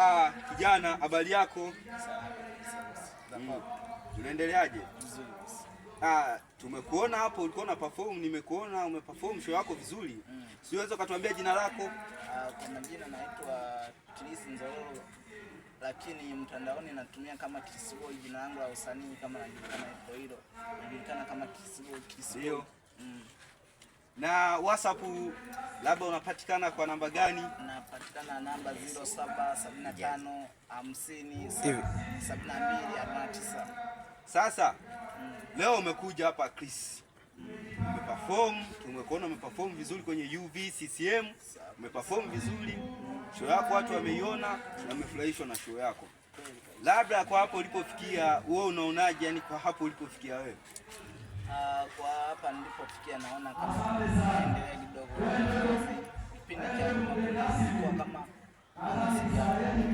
Ah, kijana habari yako? Mm. Unaendeleaje? Ah, tumekuona hapo ulikuwa una perform, nimekuona umeperform show yako vizuri. Mm. Siwezi ukatuambia jina lako? Ah, kwa majina naitwa Chris Nzololo lakini mtandaoni natumia kama Boy, jina langu la usanii kama najulikana hilo hilo. Najulikana kama Boy. Kisiboy. Mm. Na WhatsApp labda unapatikana kwa namba gani? Napatikana namba 0775 50 7249. Sasa mm. Leo umekuja hapa Chris, umeperform, tumekuona umeperform vizuri kwenye UV CCM, umeperform vizuri show yako watu wameiona na wamefurahishwa na show yako. Labda kwa hapo ulipofikia wewe unaonaje, yani kwa hapo ulipofikia wewe Uh, kwa hapa nilipofikia naona kama endelea kidogo kipindi cha nyuma kulikuwa kama mfano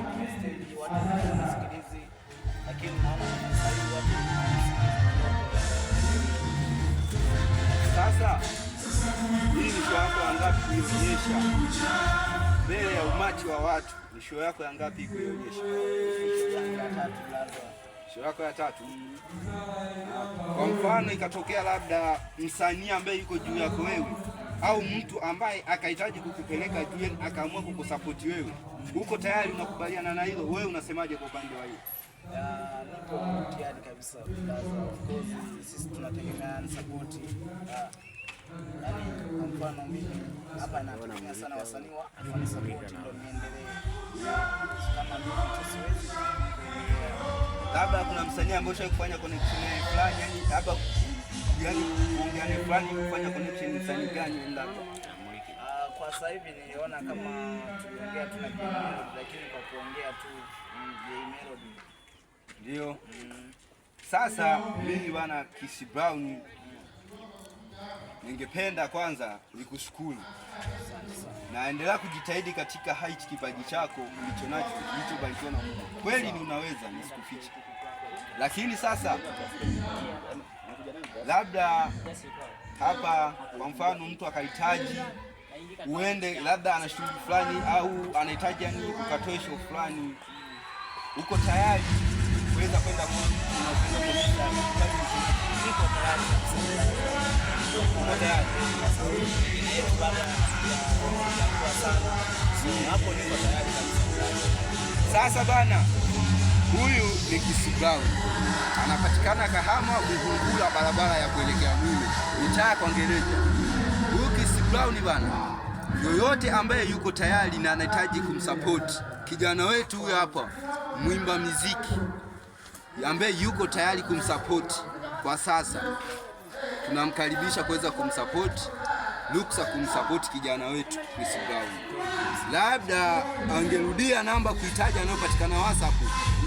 mkiwa steji watu sikilizi, lakini naona sasa hii ni show yako ya ngapi kuionyesha mbele ya umati wa watu? Ni show yako ya ngapi kuionyesha? show yako ya tatu. Kwa mfano ikatokea labda msanii ambaye yuko juu yako wewe au mtu ambaye akahitaji kukupeleka juu akaamua kukusapoti wewe, uko tayari unakubaliana na hilo? Wewe unasemaje kwa upande wa hiyo? Yaani kabisa, sisi tunategemea sapoti yaani, kwa mfano mimi hapa nategemea sana wasanii wa support ndio niendelee labda kuna msanii ambaye ushawahi kufanya connection naye fulani, yani labda yani kuongea naye fulani, kufanya connection msanii gani labda? Ah, kwa sasa hivi niliona kama tuliongea tu na Jay, lakini kwa kuongea tu mm, Jay Melody ndio. Mm. Sasa mimi bwana Chris Brown ningependa kwanza nikushukuru naendelea kujitahidi katika hichi kipaji chako ulichonacho ulichobarikiwa na Mungu. Kweli ni unaweza, nisikufiche, lakini sasa labda hapa kwa mfano mtu akahitaji uende labda ana shughuli fulani au anahitaji yani ukatoe show fulani, uko tayari kuweza kwenda? Sasa bana, huyu ni Kisigawi, anapatikana Kahama, Buhungula, barabara ya kuelekea huyu mitaa kwangereja Huyu Kisigawi ni bana, yoyote ambaye yuko tayari na anahitaji kumsapoti kijana wetu huyu hapa, mwimba miziki ambaye yuko tayari kumsapoti kwa sasa tunamkaribisha kuweza kumsupport Luxa kumsupport kijana wetu Chris Brown. Labda angerudia namba kuitaja anayopatikana WhatsApp,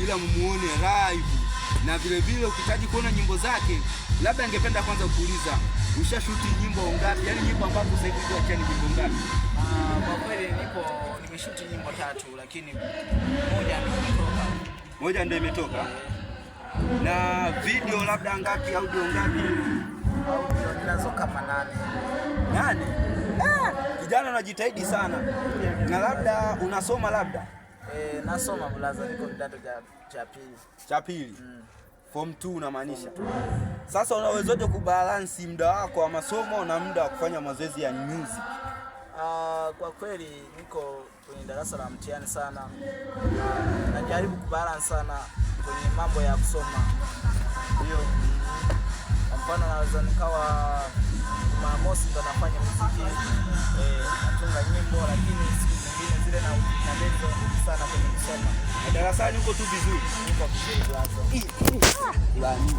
ila mumuone live na vile vile ukitaji kuona nyimbo zake, labda angependa kwanza kuuliza ushashuti nyimbo ngapi? Yaani nyimbo ambazo sasa hivi unaachia ni nyimbo ngapi? Ah, Kwa kweli nipo nimeshuti nyimbo tatu, lakini moja ndio imetoka, moja ndio imetoka. Eh. Na video labda ngapi, audio ngapi? nazo kama nane nane. Ah, kijana unajitahidi sana, na labda unasoma labda e, nasoma blaza, niko kidato cha pili cha pili mm. Form 2 unamaanisha. Sasa unawezaje kubalansi muda wako wa masomo na muda wa kufanya mazoezi ya music? Uh, kwa kweli niko kwenye darasa la mtihani sana, najaribu kubalansi sana kwenye mambo ya kusoma hiyo mfano naweza nikawa Jumamosi ndo nafanya muziki eh, natunga nyimbo, lakini siku zingine zile na na leo sana kwenye kusoma. Na darasani huko tu vizuri, huko vizuri blazo.